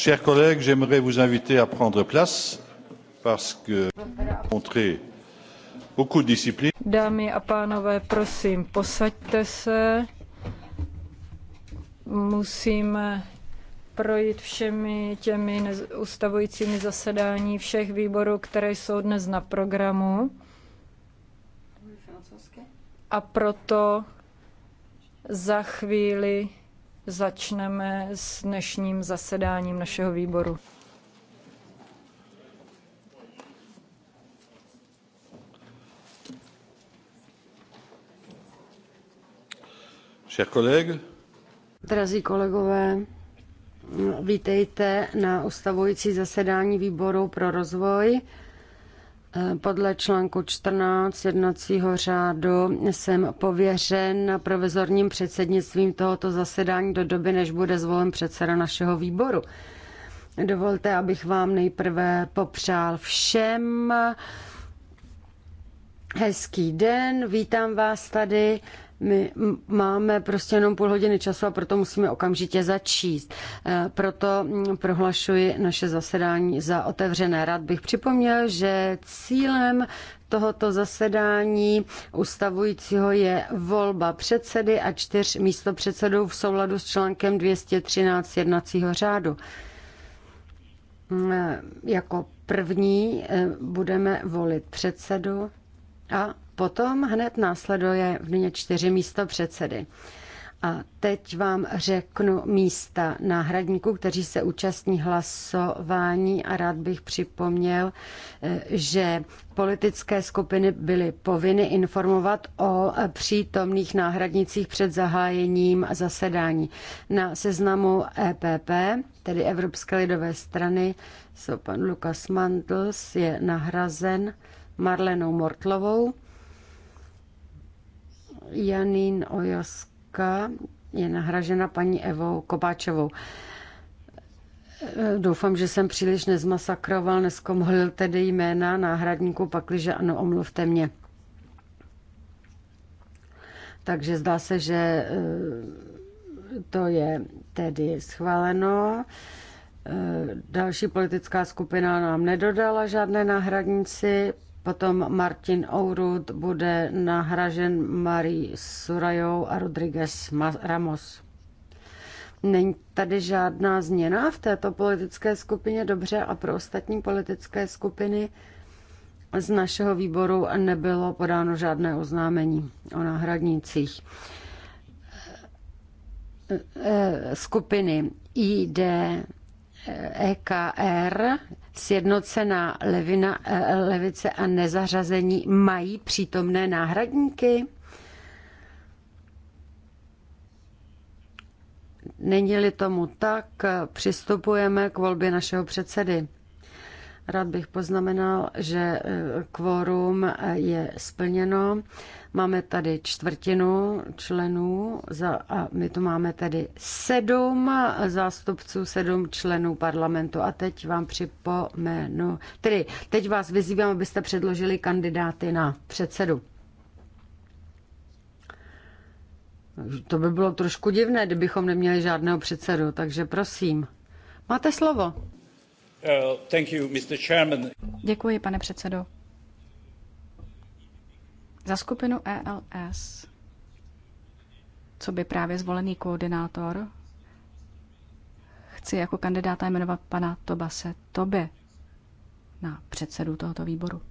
Chers collègues, j'aimerais vous inviter à prendre place parce que montrer beaucoup de discipline. Dámy a pánové, prosím, posaďte se. Musíme projít všemi těmi ustavujícími zasedání všech výborů, které jsou dnes na programu. A proto za chvíli začneme s dnešním zasedáním našeho výboru. Drazí kolegové, vítejte na ustavující zasedání výboru pro rozvoj. Podle článku 14 jednacího řádu jsem pověřen provizorním předsednictvím tohoto zasedání do doby, než bude zvolen předseda našeho výboru. Dovolte, abych vám nejprve popřál všem hezký den. Vítám vás tady my máme prostě jenom půl hodiny času a proto musíme okamžitě začíst. Eh, proto mm, prohlašuji naše zasedání za otevřené. Rád bych připomněl, že cílem tohoto zasedání ustavujícího je volba předsedy a čtyř místopředsedů v souladu s článkem 213 jednacího řádu. Eh, jako první eh, budeme volit předsedu a Potom hned následuje v mně čtyři místo předsedy. A teď vám řeknu místa náhradníků, kteří se účastní hlasování a rád bych připomněl, eh, že politické skupiny byly povinny informovat o přítomných náhradnicích před zahájením zasedání. Na seznamu EPP, tedy Evropské lidové strany, jsou pan Lukas Mandls, je nahrazen Marlenou Mortlovou, Janín Ojoska je nahražena paní Evou Kobáčovou. Doufám, že jsem příliš nezmasakroval, neskomolil tedy jména náhradníků, pakliže ano, omluvte mě. Takže zdá se, že eh, to je tedy schváleno. Eh, další politická skupina nám nedodala žádné náhradníci, Potom Martin Ourud bude nahražen Marí Surajou a Rodriguez Ramos. Není tady žádná změna v této politické skupině dobře a pro ostatní politické skupiny z našeho výboru nebylo podáno žádné oznámení o náhradnících. Eh, skupiny ID, EKR, sjednocená levina, e, levice a nezařazení mají přítomné náhradníky? Není-li tomu tak, přistupujeme k volbě našeho předsedy. Rád bych poznamenal, že eh, kvórum eh, je splněno. Máme tady čtvrtinu členů za, a my tu máme tedy sedm zástupců, sedm členů parlamentu. A teď vám připomenu, tedy teď vás vyzývám, abyste předložili kandidáty na předsedu. To by bylo trošku divné, kdybychom neměli žádného předsedu, takže prosím, máte slovo. Uh, Děkuji, pane předsedo. Za skupinu ELS, co by právě zvolený koordinátor, chci jako kandidáta jmenovat pana Tobase Tobe na předsedu tohoto výboru.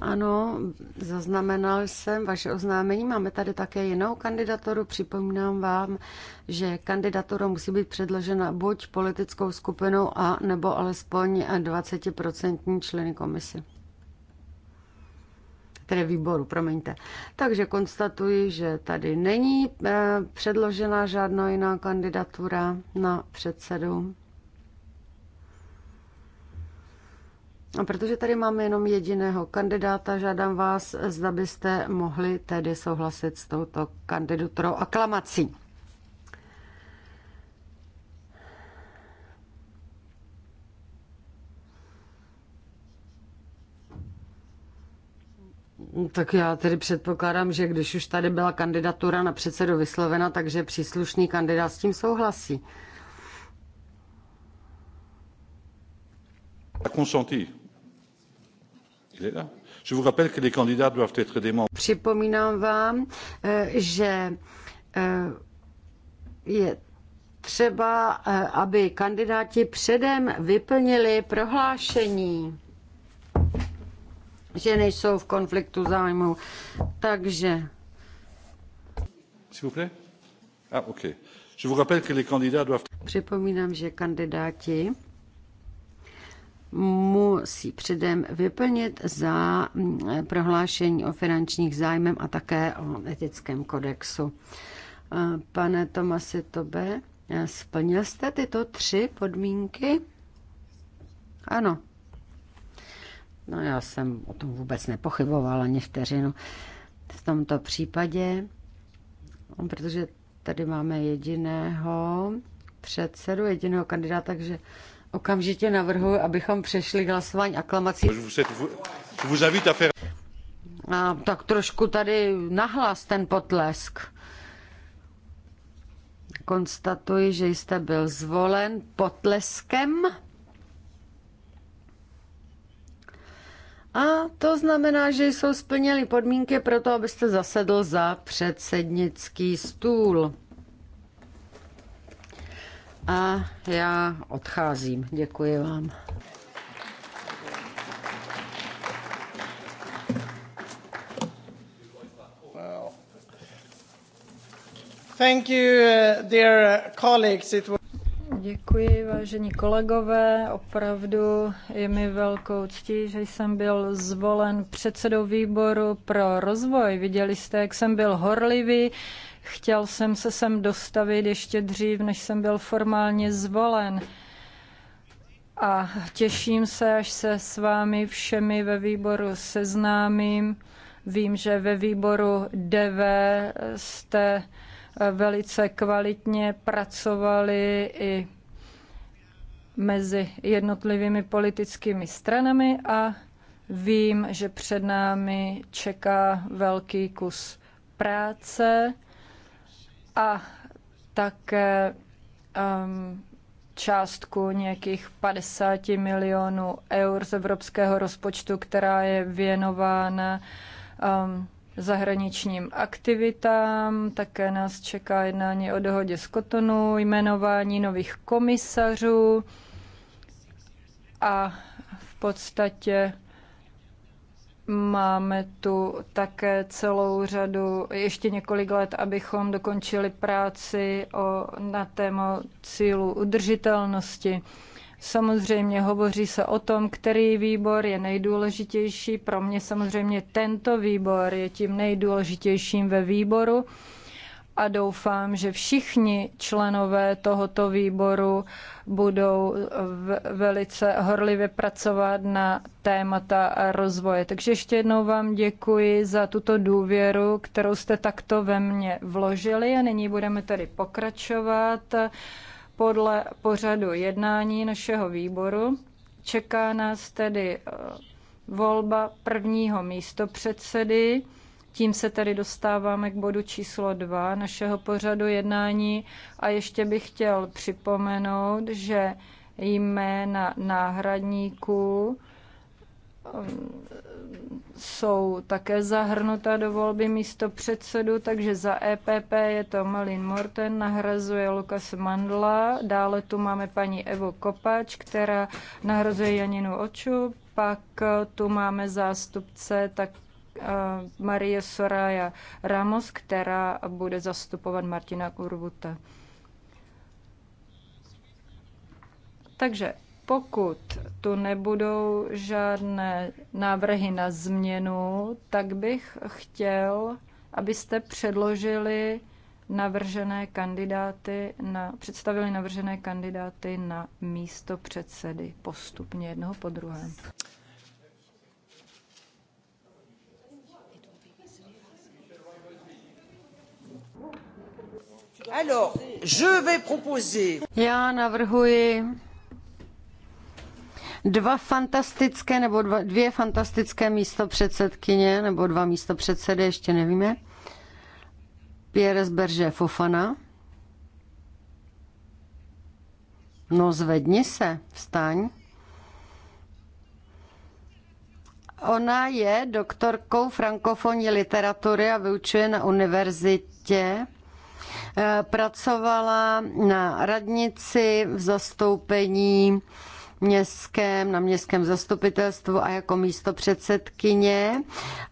Ano, zaznamenal jsem vaše oznámení. Máme tady také jinou kandidaturu. Připomínám vám, že kandidatura musí být předložena buď politickou skupinou a nebo alespoň 20% členy komise. Tedy výboru, promiňte. Takže konstatuji, že tady není eh, předložena žádná jiná kandidatura na předsedu. A protože tady máme jenom jediného kandidáta, žádám vás, zda byste mohli tedy souhlasit s touto kandidaturou aklamací. Tak já tedy předpokládám, že když už tady byla kandidatura na předsedu vyslovena, takže příslušný kandidát s tím souhlasí. a consenti. Il est là. Je vous rappelle que les candidats doivent être des membres. Připomínám vám, eh, že eh, je třeba, eh, aby kandidáti předem vyplnili prohlášení, že nejsou v konfliktu zájmu. Takže. S'il vous plaît? Ah, OK. Je vous rappelle que les candidats doivent... Připomínám, že kandidáti musí předem vyplnit za mm, prohlášení o finančních zájmem a také o etickém kodexu. Eh, pane Tomasi Tobe, eh, splnil jste tyto tři podmínky? Ano. No já jsem o tom vůbec nepochybovala ani vteřinu. V tomto případě, protože tady máme jediného předsedu, jediného kandidáta, takže Okamžitě navrhuji, abychom přešli k hlasování aklamací. A tak trošku tady nahlas ten potlesk. Konstatuji, že jste byl zvolen potleskem. A to znamená, že jsou splněny podmínky pro to, abyste zasedl za předsednický stůl a já odcházím. Děkuji vám. Thank you, uh, dear colleagues. It was... Děkuji, vážení kolegové. Opravdu je mi velkou ctí, že jsem byl zvolen předsedou výboru pro rozvoj. Viděli jste, jak jsem byl horlivý, Chtěl jsem se sem dostavit ještě dřív, než jsem byl formálně zvolen. A těším se, až se s vámi všemi ve výboru seznámím. Vím, že ve výboru DV jste eh, velice kvalitně pracovali i mezi jednotlivými politickými stranami a vím, že před námi čeká velký kus práce a také um, částku nějakých 50 milionů eur z evropského rozpočtu, která je věnována um, zahraničním aktivitám. Také nás čeká jednání o dohodě z Kotonu, jmenování nových komisařů a v podstatě Máme tu také celou řadu, ještě několik let, abychom dokončili práci o, na téma cílu udržitelnosti. Samozřejmě hovoří se o tom, který výbor je nejdůležitější. Pro mě samozřejmě tento výbor je tím nejdůležitějším ve výboru a doufám, že všichni členové tohoto výboru budou velice horlivě pracovat na témata rozvoje. Takže ještě jednou vám děkuji za tuto důvěru, kterou jste takto ve mně vložili a nyní budeme tedy pokračovat podle pořadu jednání našeho výboru. Čeká nás tedy eh, volba prvního místopředsedy. předsedy. Tím se tedy dostáváme k bodu číslo dva našeho pořadu jednání a ještě bych chtěl připomenout, že jména náhradníků um, jsou také zahrnuta do volby místo předsedu, takže za EPP je to Malin Morten, nahrazuje Lukas Mandla, dále tu máme paní Evo Kopač, která nahrazuje Janinu Oču, pak eh, tu máme zástupce tak Eh, Marie Soraya Ramos, která bude zastupovat Martina Kurvuta. Takže pokud tu nebudou žádné návrhy na změnu, tak bych chtěl, abyste předložili navržené kandidáty na, představili navržené kandidáty na místo předsedy postupně jednoho po druhém. Já navrhuji dva fantastické nebo dva, dvě fantastické místo předsedkyně nebo dva místo předsedy, ještě nevíme. Pierre Berger Fofana. No zvedni se, vstaň. Ona je doktorkou frankofonní literatury a vyučuje na univerzitě Eh, pracovala na radnici v zastoupení městském, na městském zastupitelstvu a jako místo předsedkyně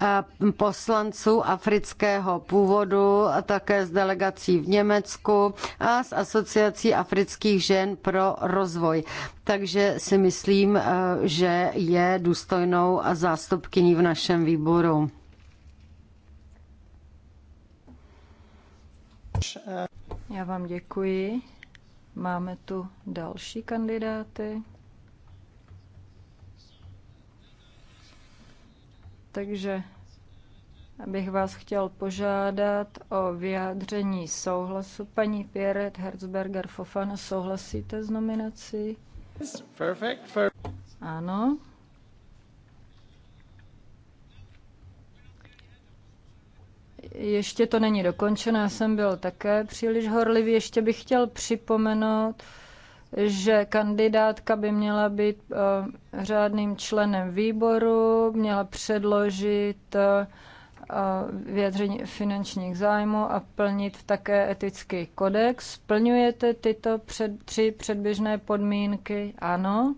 eh, poslanců afrického původu, a také s delegací v Německu a s asociací afrických žen pro rozvoj. Takže si myslím, eh, že je důstojnou zástupkyní v našem výboru. Já vám děkuji. Máme tu další kandidáty. Takže bych vás chtěl požádat o vyjádření souhlasu. Paní Pieret Herzberger Fofana, souhlasíte s nominací? Perfect, perfect. Ano. ještě to není dokončeno, já jsem byl také příliš horlivý. Ještě bych chtěl připomenout, že kandidátka by měla být eh, řádným členem výboru, měla předložit eh, vyjadření finančních zájmů a plnit také etický kodex. Splňujete tyto před, tři předběžné podmínky? Ano.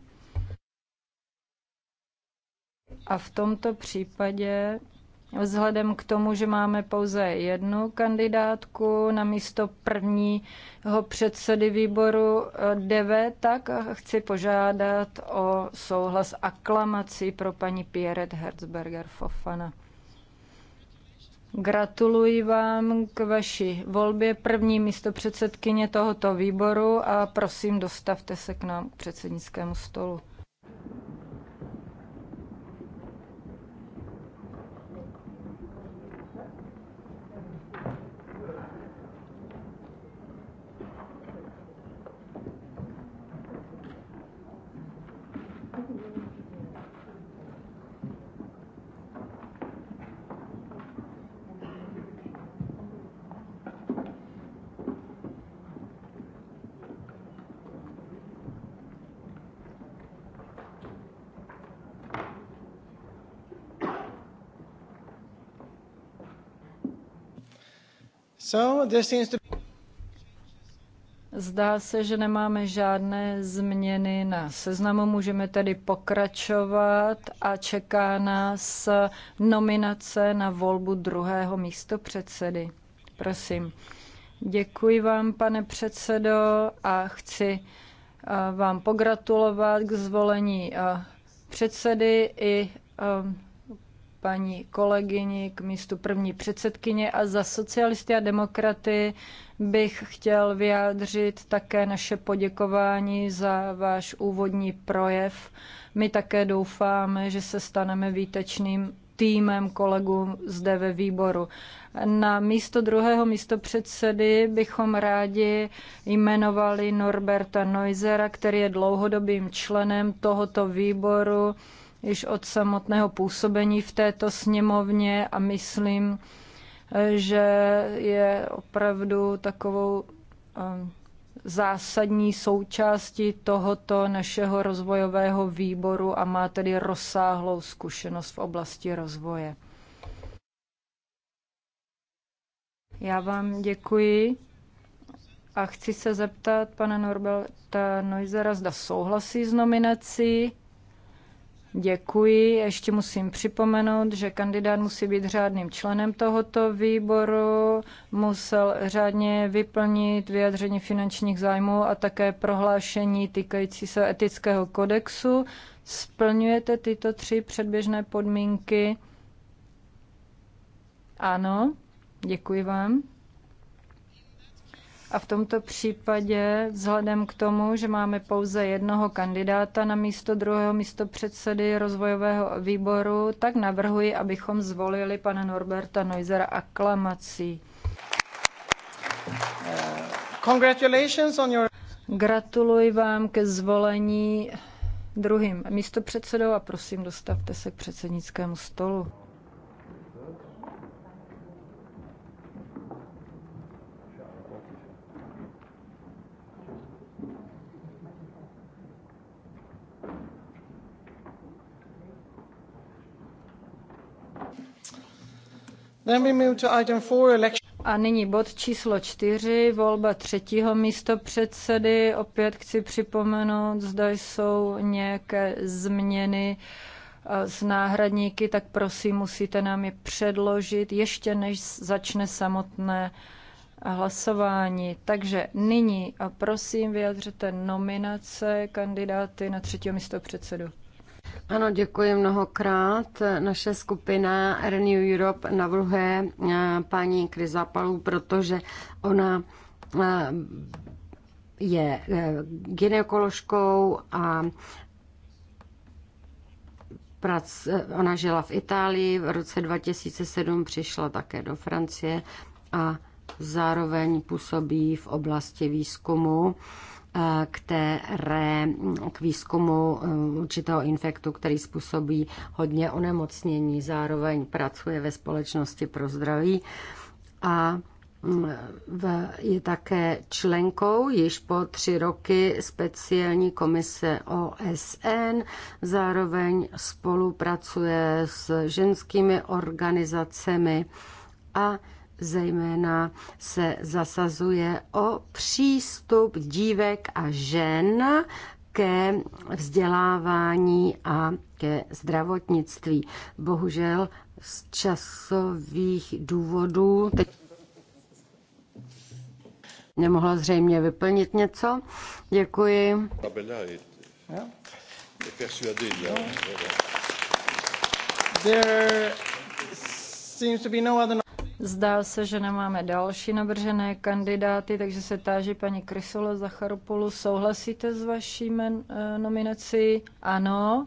A v tomto případě Vzhledem k tomu, že máme pouze jednu kandidátku na místo prvního předsedy výboru eh, DV, tak chci požádat o souhlas aklamací pro paní Pieret Herzberger Fofana. Gratuluji vám k vaší volbě první místo předsedkyně tohoto výboru a prosím, dostavte se k nám k předsednickému stolu. Zdá se, že nemáme žádné změny na seznamu, můžeme tedy pokračovat a čeká nás nominace na volbu druhého místo předsedy. Prosím. Děkuji vám, pane předsedo, a chci eh, vám pogratulovat k zvolení eh, předsedy i eh, paní kolegyni k místu první předsedkyně a za socialisty a demokraty bych chtěl vyjádřit také naše poděkování za váš úvodní projev. My také doufáme, že se staneme výtečným týmem kolegů zde ve výboru. Na místo druhého místo předsedy bychom rádi jmenovali Norberta Neusera, který je dlouhodobým členem tohoto výboru již od samotného působení v této sněmovně a myslím, že je opravdu takovou eh, zásadní součástí tohoto našeho rozvojového výboru a má tedy rozsáhlou zkušenost v oblasti rozvoje. Já vám děkuji a chci se zeptat pana Norberta Neusera, zda souhlasí s nominací. Děkuji. Ještě musím připomenout, že kandidát musí být řádným členem tohoto výboru, musel řádně vyplnit vyjadření finančních zájmů a také prohlášení týkající se etického kodexu. Splňujete tyto tři předběžné podmínky? Ano, děkuji vám. A v tomto případě, vzhledem k tomu, že máme pouze jednoho kandidáta na místo druhého místo předsedy rozvojového výboru, tak navrhuji, abychom zvolili pana Norberta Neusera aklamací. Congratulations on your... Gratuluji vám ke zvolení druhým místopředsedou a prosím, dostavte se k předsednickému stolu. A nyní bod číslo čtyři, volba třetího místopředsedy. předsedy. Opět chci připomenout, zda jsou nějaké změny eh, s náhradníky, tak prosím, musíte nám je předložit, ještě než začne samotné eh, hlasování. Takže nyní prosím vyjadřete nominace kandidáty na třetího místopředsedu. předsedu. Ano, děkuji mnohokrát. Naše skupina Renew Europe navrhuje eh, paní Krizapalu, protože ona eh, je eh, ginekoložkou a ona žila v Itálii, v roce 2007 přišla také do Francie a zároveň působí v oblasti výzkumu které mm, k výzkumu mm, určitého infektu, který způsobí hodně onemocnění, zároveň pracuje ve společnosti pro zdraví a mm, je také členkou již po tři roky speciální komise OSN, zároveň spolupracuje s ženskými organizacemi a zejména se zasazuje o přístup dívek a žen ke vzdělávání a ke zdravotnictví. Bohužel z časových důvodů teď nemohla zřejmě vyplnit něco. Děkuji. There seems to be no other Zdá se, že nemáme další navržené kandidáty, takže se táží paní Krysola Zacharopolu. Souhlasíte s vaší eh, nominací? Ano.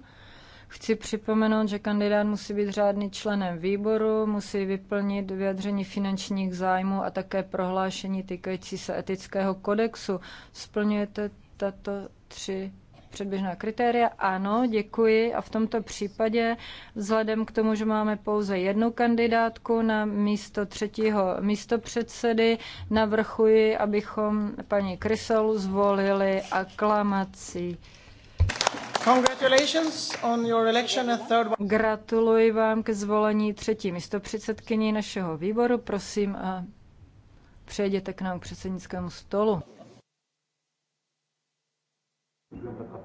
Chci připomenout, že kandidát musí být řádný členem výboru, musí vyplnit vyjadření finančních zájmů a také prohlášení týkající se etického kodexu. Splňujete tato tři předběžná kritéria? Ano, děkuji. A v tomto případě, vzhledem k tomu, že máme pouze jednu kandidátku na místo třetího místopředsedy, navrchuji, abychom paní Krysolu zvolili aklamací. Congratulations on your election and third... Gratuluji vám ke zvolení třetí místopředsedkyni našeho výboru. Prosím, přejděte k nám k předsednickému stolu belum lengkap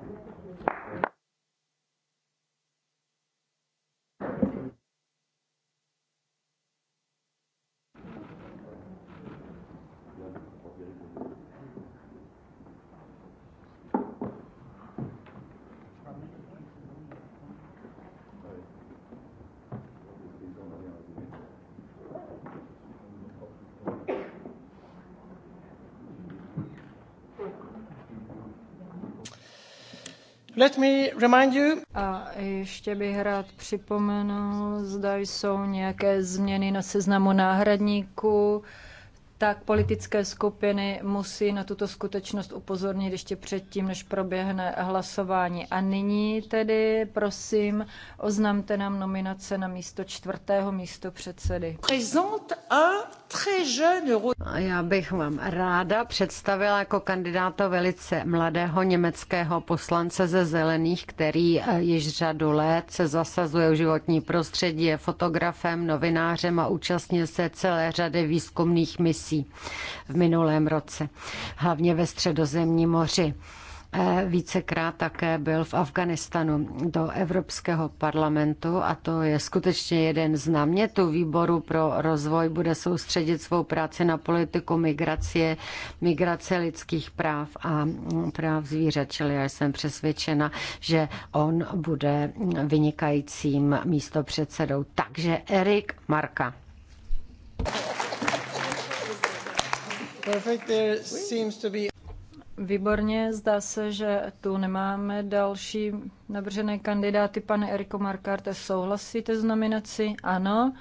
Let me remind you. A ještě bych rád připomenul, zda jsou nějaké změny na seznamu náhradníků tak politické skupiny musí na tuto skutečnost upozornit ještě předtím, než proběhne hlasování. A nyní tedy, prosím, oznamte nám nominace na místo čtvrtého místo předsedy. a Já bych vám ráda představila jako kandidáta velice mladého německého poslance ze Zelených, který eh, již řadu let se zasazuje o životní prostředí, je fotografem, novinářem a účastnil se celé řady výzkumných misí prací v minulém roce, hlavně ve středozemním moři. Eh, vícekrát také byl v Afganistanu do Evropského parlamentu a to je skutečně jeden z námětů výboru pro rozvoj. Bude soustředit svou práci na politiku migrace, migrace lidských práv a práv zvířat. Čili já jsem přesvědčena, že on bude vynikajícím místopředsedou. Takže Erik Marka. Výborně, zdá se, že tu nemáme další navržené kandidáty. Pane Eriko Markarte, souhlasíte s nominací? Ano.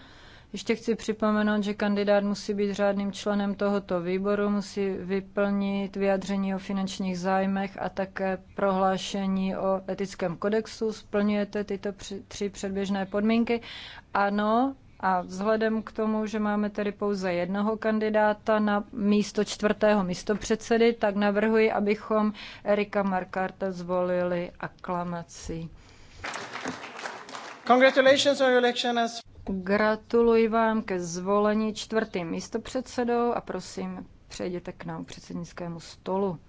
Ještě chci připomenout, že kandidát musí být řádným členem tohoto výboru, musí vyplnit vyjádření o finančních zájmech a také prohlášení o etickém kodexu. Splňujete tyto tři předběžné podmínky? Ano, a vzhledem k tomu, že máme tedy pouze jednoho kandidáta na místo čtvrtého místopředsedy, tak navrhuji, abychom Erika Markarta zvolili aklamací. Congratulations on your election as... Gratuluji vám ke zvolení čtvrtým místopředsedou a prosím, přejděte k nám předsednickému stolu.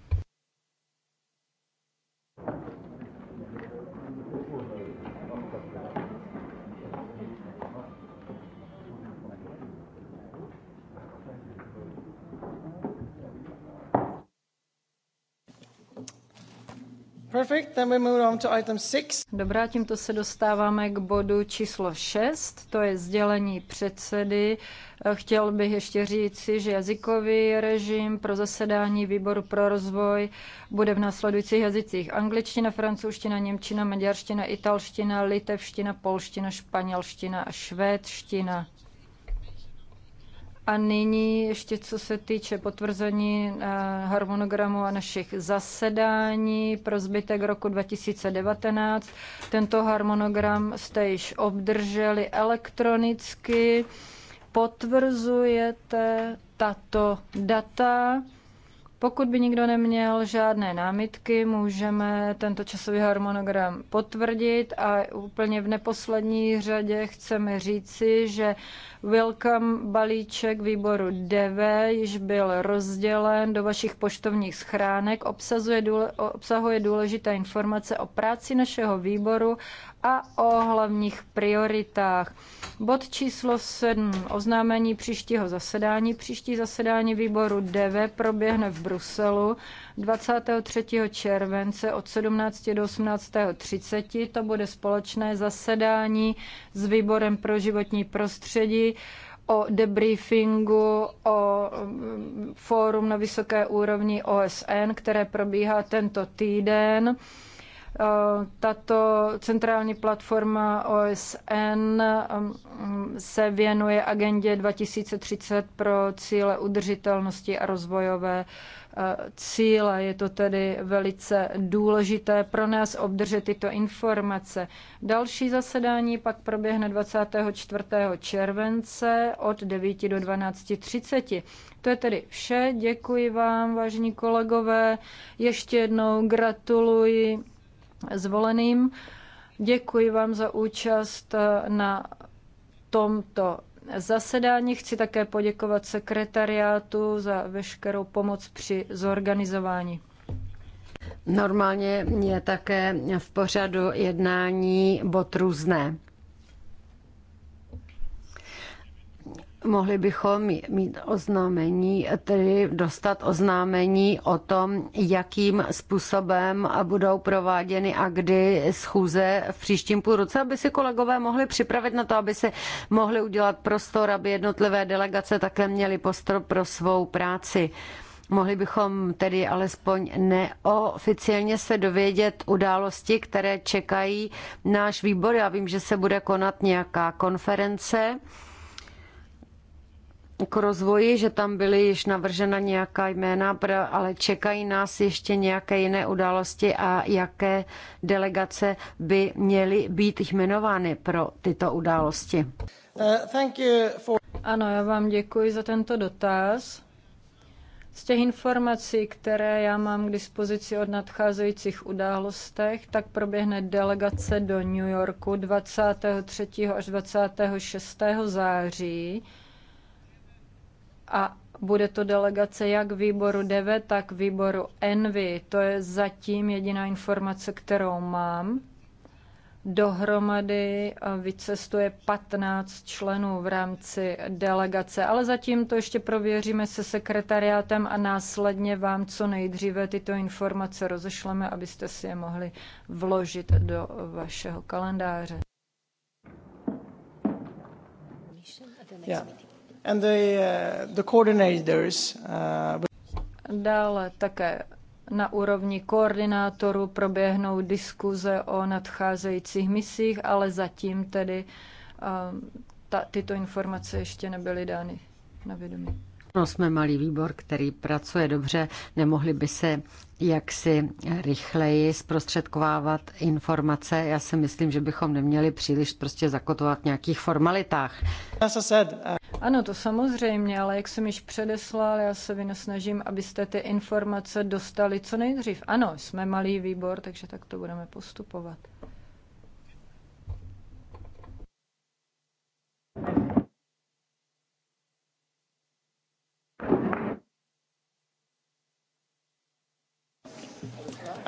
Perfect, then we move on to item six. Dobrá, tímto se dostáváme k bodu číslo 6, to je sdělení předsedy. Chtěl bych ještě říci, že jazykový režim pro zasedání výboru pro rozvoj bude v následujících jazycích angličtina, francouzština, němčina, maďarština, italština, litevština, polština, španělština a švédština. A nyní ještě co se týče potvrzení eh, harmonogramu a našich zasedání pro zbytek roku 2019. Tento harmonogram jste již obdrželi elektronicky. Potvrzujete tato data. Pokud by nikdo neměl žádné námitky, můžeme tento časový harmonogram potvrdit a úplně v neposlední řadě chceme říci, že welcome balíček výboru DV již byl rozdělen do vašich poštovních schránek, obsazuje, obsahuje důležité informace o práci našeho výboru a o hlavních prioritách. Bod číslo 7. Oznámení příštího zasedání. Příští zasedání výboru DV proběhne v Bruselu 23. července od 17. do 18.30. To bude společné zasedání s výborem pro životní prostředí o debriefingu, o mm, fórum na vysoké úrovni OSN, které probíhá tento týden. Tato centrální platforma OSN um, se věnuje agendě 2030 pro cíle udržitelnosti a rozvojové uh, cíle. Je to tedy velice důležité pro nás obdržet tyto informace. Další zasedání pak proběhne 24. července od 9 do 12.30. To je tedy vše. Děkuji vám, vážení kolegové. Ještě jednou gratuluji zvoleným. Děkuji vám za účast na tomto zasedání. Chci také poděkovat sekretariátu za veškerou pomoc při zorganizování. Normálně je také v pořadu jednání bod různé. mohli bychom mít oznámení, tedy dostat oznámení o tom, jakým způsobem budou prováděny a kdy schůze v příštím půl roce, aby si kolegové mohli připravit na to, aby se mohli udělat prostor, aby jednotlivé delegace také měly prostor pro svou práci. Mohli bychom tedy alespoň neoficiálně se dovědět události, které čekají náš výbor. Já vím, že se bude konat nějaká konference k rozvoji, že tam byly již navržena nějaká jména, ale čekají nás ještě nějaké jiné události a jaké delegace by měly být jmenovány pro tyto události. Uh, for... Ano, já vám děkuji za tento dotaz. Z těch informací, které já mám k dispozici od nadcházejících událostech, tak proběhne delegace do New Yorku 23. až 26. září a bude to delegace jak výboru DV, tak výboru ENVY. To je zatím jediná informace, kterou mám. Dohromady eh, vycestuje 15 členů v rámci delegace, ale zatím to ještě prověříme se sekretariátem a následně vám co nejdříve tyto informace rozešleme, abyste si je mohli vložit do vašeho kalendáře. Yeah and the, uh, the coordinators. Uh... Dále také na úrovni koordinátorů proběhnou diskuze o nadcházejících misích, ale zatím tedy um, ta, tyto informace ještě nebyly dány na vědomí. No, jsme malý výbor, který pracuje dobře, nemohli by se jaksi rychleji zprostředkovávat informace. Já si myslím, že bychom neměli příliš prostě zakotovat v nějakých formalitách. Uh, ano, to samozřejmě, ale jak jsem již předeslal, já se vynasnažím, abyste ty informace dostali co nejdřív. Ano, jsme malý výbor, takže tak to budeme postupovat.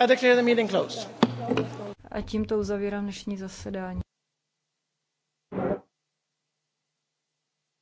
I declare the meeting closed. A tímto uzavírám dnešní zasedání.